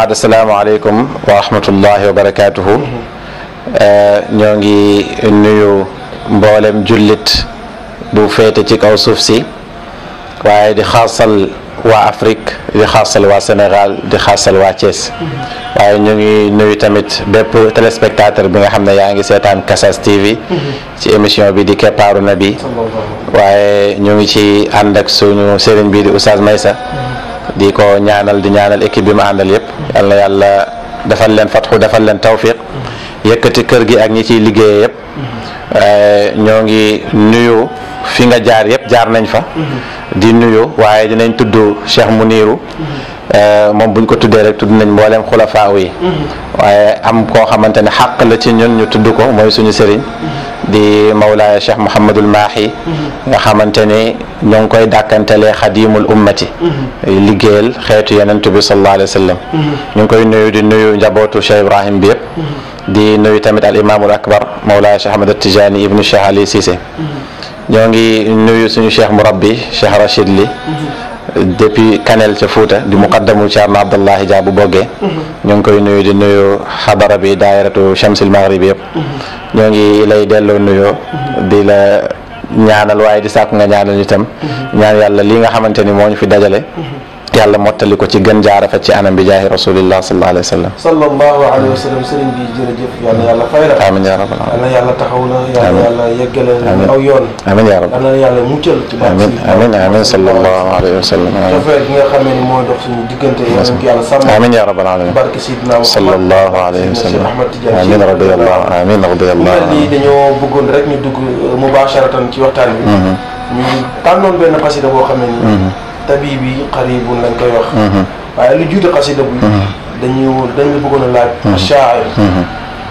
waxaat asalaamaaleykum wa rahmatullahi wa barakaatuhu eh, ñoo ngi nuyu mboolem jullit bu féete ci kaw suuf si waaye di xaasal waa Afrique di xaasal waa Sénégal di xaasal waa Thiès waaye ñu ngi nuyu tamit bépp téléspectateur bi nga xam ne yaa ngi seetaan Kassas TV ci émission bi di keppaaru na bi waaye ñu ngi ci ànd ak suñu sëriñ bi di Oustaz Maysa di ko ñaanal di ñaanal équipe bi ma àndal yëpp yal yàlla defal leen fatxu defal leen tawfiq yëkkati kër gi ak ñi ciy liggéeyee yëpp eh, ñoo ngi nuyu fi nga jaar yëpp jaar nañ fa di nuyu waaye dinañ tudd Cheikh Muniru eh, moom buñ ko tuddee rek tudd nañ mbooleem xulafaaw yi waaye am koo xamante ne xàq la ci ñun ñu tudd ko mooy suñu sëriñ di Mawlaaya Cheikh Mouhamadul Maahi nga xamante ñoo ngi koy dàkkantelee xadimul ummati liggéeyal xeetu yonent bi sallallahu alayhi wa sallam ñu ngi koy nuyu di nuyu njabootu Cheikh Ibrahim bi di nuyu tamit al imaamul akbar Mawlaa Cheikh Ahmad tijani ibn Cheikh Ali Cissé ñoo ngi nuyu suñu cheikh murabbi Cheikh Rachid Li depuis Kanel ca Fuuta di muqaddamu Ceerno Abdallahi Jaabu Boggee ñu ngi koy nuyu di nuyu xadara bi daayiratu Chamsil Maghribi yëpp ñoo lay delloo nuyoo di la ñaanal waaye di sàkku nga ñaanal itam mm-hmm. ñaan yàlla li nga xamante ni moo ñu fi dajale mm-hmm. te yàlla mottali ko ci gën jaa rafet ci anam bi jaahi rasulillah sallallahu alayhi wa sallam. sallallahu alayhi wa sallam sëriñ bi jërëjëf. yal na yàlla fay la. amiin yaa rabbal aalamiin. yal na yàlla taxaw la. amiin yal na yàlla yeggale aw yoon. amiin yaa rabbal aalamiin. yal na yàlla muccal ci baax. amiin amiin amiin sallallahu alayhi wa sallam. dafay nga xam ne mooy dox suñu diggante. yal na yàlla sàmm. amiin yaa rabbal aalamiin. barke Sidina Muhammad sallallahu alayhi wa sallam. amiin radiyallahu amiin radiyallahu. lii dañoo bëggoon rek ñu dugg uh, mubasharatan ci waxtaan bi. Mm-hmm. ñu tànnoon benn xasida boo xam ne nii mm-hmm. tabibi yi qaribun lañ koy wax mhm. waaye lu juuti xasida bu mhm. dañu dañu bëggoon a laaj ashaa'ir mhm.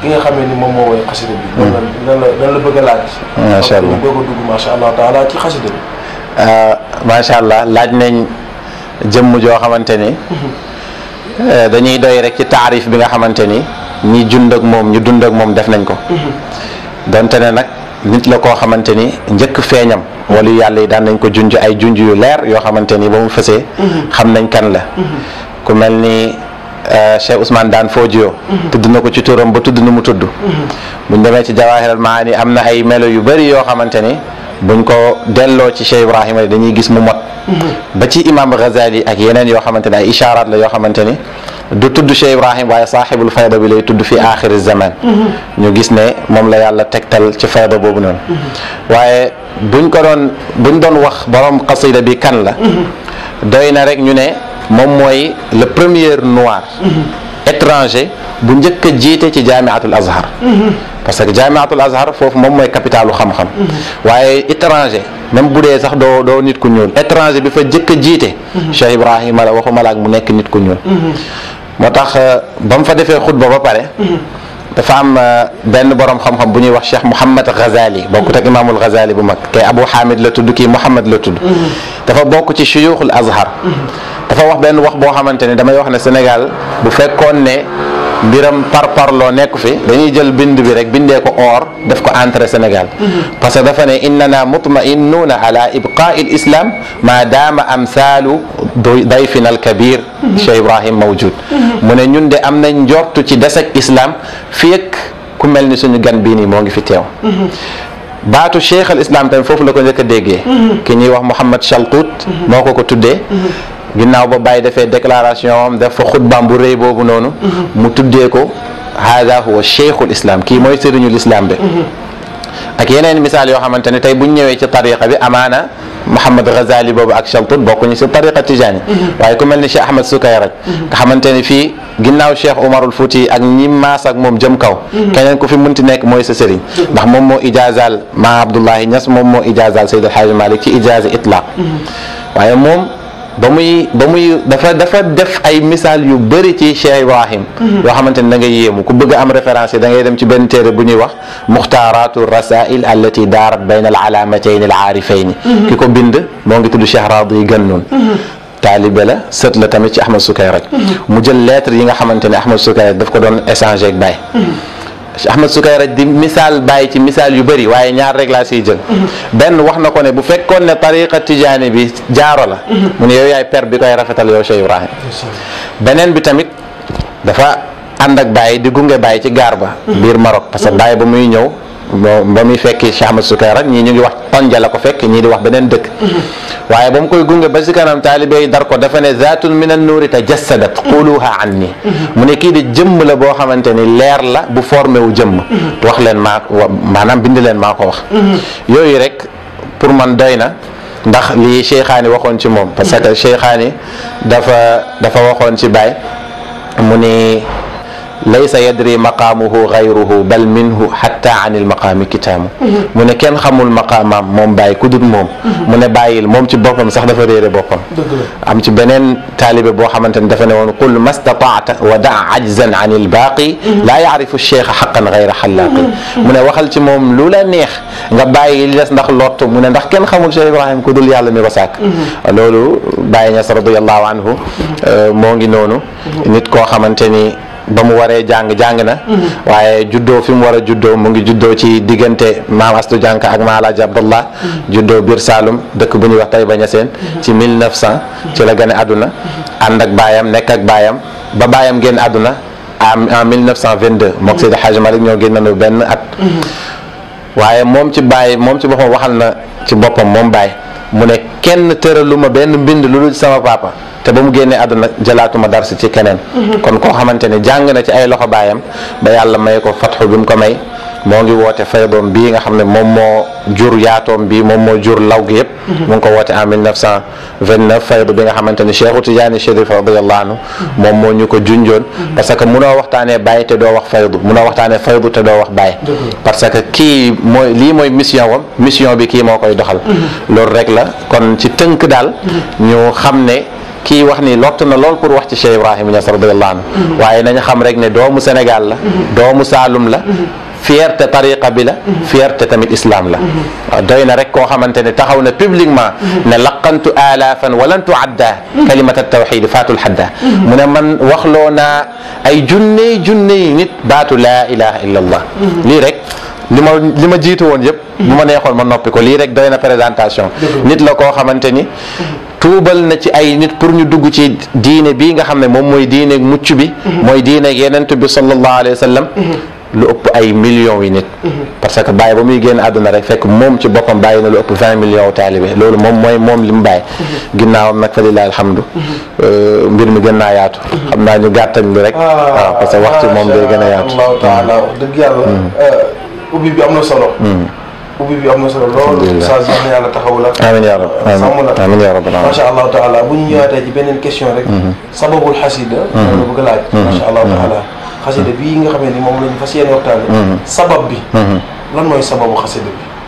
ki nga xamé ni mom mo way xassida bi lan la lan la bëgg laaj ma sha Allah bëgg dugg ma sha Allah taala ci xassida bi euh ah, ma sha Allah laaj nañ jëm jo xamanteni eh, dañuy doy rek ci taarif bi nga xamanteni ñi jund ak mom ñu dund ak mom def nañ ko donte ne nak nit la koo xamante ni njëkk feeñam wala yàlla yi daan nañ ko junj ay junj yu leer yoo xamante ni ba mu fësee mhm. xam nañ kan la mhm. ku mel ni euh, Cheikh Ousmane Daan Fodio mhm. tudd na ko ci turam ba tudd na mu tudd buñ demee ci Jawaahiral ni am na ay melo yu bëri yoo xamante ni buñ ko delloo ci Cheikh Ibrahima dañuy gis mu mot ba ci Imam Ghazali ak yeneen yoo xamante ne ay ishaaraat la yoo xamante ni du tudd Cheikh Ibrahim waaye saaxibul fayda bi lay tudd fi aaxiri zaman ñu gis ne moom la yàlla tegtal ci fayda boobu noonu waaye buñ ko doon buñ doon wax borom xasida bi kan la doy na rek ñu ne moom mooy le premier noir étranger bu njëkk a jiite ci jaamiatul azhar parce que jaamiatul azhar foofu moom mooy capitalu xam-xam waaye étranger même bu dee sax doo doo nit ku ñuul étranger bi fa njëkk a jiite Cheikh Ibrahima la waxuma la ak mu nekk nit ku ñuul moo tax euh, ba mu fa defee xutba ba pare mm-hmm. dafa am euh, ben borom xam-xam bu ñuy wax Cheikh Mouhamed Ghazali bokkut ak imaamul Ghazali bu mag kay Abu Hamid la tudd kii Mouhamed la tudd mm-hmm. dafa bokk ci shuyuuxul Azhar mm-hmm. dafa wax benn wax boo xamante ne damay wax ne Sénégal bu fekkoon ne mbiram par parloo nekk fi dañuy jël bind bi rek bindee ko or def ko entrée Sénégal mhm. parce que dafa ne innana mutmainnuuna ala ibqaai l islam ma daama amthaalu dayfina al mhm. Ibrahim mhm. mu ne ñun de am nañ njortu ci desek islam fii ku mel ni suñu gan bii nii moo ngi fi teew baatu cheikh al islam tamit foofu la ko a déggee ki ñuy wax Mouhamad Chaltut moo ko ko ginnaaw ba bàyyi defee déclaration am def fa xutbaam bu rëy boobu noonu mu tuddee ko haada huwa cheikhul islam kii mooy sëriñul islam bi ak yeneen misaal yoo xamante ne bu ñu ci tariqa bi amaana Mouhamad Ghazali boobu ak Chaltut bokkuñu si tariqa Tijani. waaye ku mel ni Cheikh Ahmed Soukay rek. nga xamante ne fii ginnaaw Cheikh Umarul Fouti ak ñi maas ak moom jëm kaw. keneen ku fi munti nek mooy sa sëriñ. ndax moom moo ijaazaal maa Abdullahi Niass moom moo ijaazaal Seydou El Hadj Malick ci ijaaza itlaq waaye moom ba muy ba muy dafa dafa def ay misaal yu bëri ci Cheikh Ibrahim yoo xamante ne da nga yéemu ku bëgg am référence yi da ngay dem ci benn téere bu ñuy wax muxtaaratu rasail allati daarat bayna al alaamatayn al aarifayni ki ko bind moo ngi tudd Cheikh Raadi Gannoun taalibe la sët la tamit ci Ahmad Sukayraj mu jël lettre yi nga xamante ne Ahmad Sukayraj daf ko doon échanger ak Baye Ahmad Sukayra di misaal bàyyi ci misaal yu bëri waaye ñaar rek laa siy jël benn wax na ko ne bu fekkoon ne tariqa tijaani bi jaaro la mu ne yow yaay per bi koy rafetal yow Cheikh Ibrahim beneen bi tamit dafa ànd ak bàyyi di gunge bàyyi ci gaar ba biir Maroc parce que bàyyi ba muy ñëw moom ba muy fekki Cheikh Ahmad Sukayra ñi ñu ngi wax Tanja la ko fekk ñi di wax benen dëkk waaye ba mu koy gunge ba si kanam talibé yi dar ko dafa ne zatun min an-nuuri tajassadat quluha anni mu ne kii di jëmm la boo xamante ni leer la bu formé wu jëmm wax leen maa maanaam bind leen maa ko wax yooyu rek pour man doy na ndax li cheikhani waxoon ci moom parce que cheikhani dafa dafa waxoon ci bay mu ni ليس يدري مقامه غيره بل منه حتى عن المقام كتابه من كان خم المقام مم باي كدود مم من باي المم تبقم صح دفع ديري بقم أم تبنين تالي ببو حمان تندفن ونقول ما استطعت ودع عجزا عن الباقي لا يعرف الشيخ حقا غير حلاقي من وخلت مم لولا نيخ نقباي اللي اسنق اللوطو من دخ كان خم الشيخ إبراهيم كدود يعلم بساك لولو باي ناس رضي الله عنه مونجي نونو نتكو حمان تني bamu waré jang jang na mm-hmm. waaye juddo fi mu judo a juddoo ngi juddo ci digënté mamastu jank ak mala jabdallah mm-hmm. juddo bir salum dekk buñu wax tay baña sen ci 1900 mm-hmm. ci la gane aduna and ak bayam nek ak bayam ba bayam gën aduna am 1922 mok seydou hajj malik ñoo gën nañu ben at waaye mom ci baye mom ci boppam waxal na ci bopam mom baye mu ne kenn ben bind lulul sama papa te ba mu génnee àdduna jëlaatuma dars ci keneen mhm. kon koo xamante ne jàng na ci ay loxo baayam ba yàlla may ko fatxu bi mu ko may moo ngi woote faydoom bi nga xam ne moom moo jur yaatoom bi moom moo jur law gi yëpp mhm. mu ko woote en 1929 faydu bi nga xamante ne Cheikhu Tidiane Chérif radiyallahu mhm. moom moo ñu ko junjoon parce que munoo waxtaanee bàyyi te doo wax faydu munoo waxtaanee faydu te doo wax bàyyi parce que kii mooy lii mooy mission mission bi kii moo koy doxal loolu rek la kon ci tënk kii wax ni lott na lool pour wax ci Cheikh Ibrahima Niass radiyallahu anhu mhm. waaye nañ xam rek ne doomu Sénégal la mhm. doomu Saalum la mhm. fierté tariqa bi la fierté tamit islam la doy na rek koo xamante ne taxaw na publiquement ne laqantu alafan walan tuadda kalimata tawxid faatul hadda mu ne man waxloo naa ay junney junney nit baatu laa ilaha illa allah lii rek li ma li ma jiitu woon yëpp bu ma neexoon ma noppi ko lii rek doy na présentation nit la koo xamante ni tuubal na ci ay nit pour ñu dugg ci diine bii nga xam ne moom mooy diineeg mucc bi mooy diineeg yenent bi sallallahu alayhi wa sallam lu ëpp ay millions yi nit parce que bàyyi ba muy génn àdduna rek fekk moom ci boppam bàyyi na lu ëpp vingt millions taalibe loolu moom mooy moom li mu bàyyi ginnaawam nag fa lillahi alhamdu euh, mbir mi gën yaatu xam naa ñu gàttañ lu rek ah, waaw parce que waxtu moom day gën a yaatu dëgg yàlla hmm. euh, ubbi ubbi bi am na solo loolu. saa si yàlla taxawul ak. amiin yaa rab sàmm la amiin yaa rab macha allah taala bu ñu ñëwaatee ci beneen question rek. sababul xasida. loolu bëgg laaj. macha allah taala xasida bii nga xam ne ni moom la ñu fas yéene waxtaanee. sabab bi. lan mooy sababu xasida bi.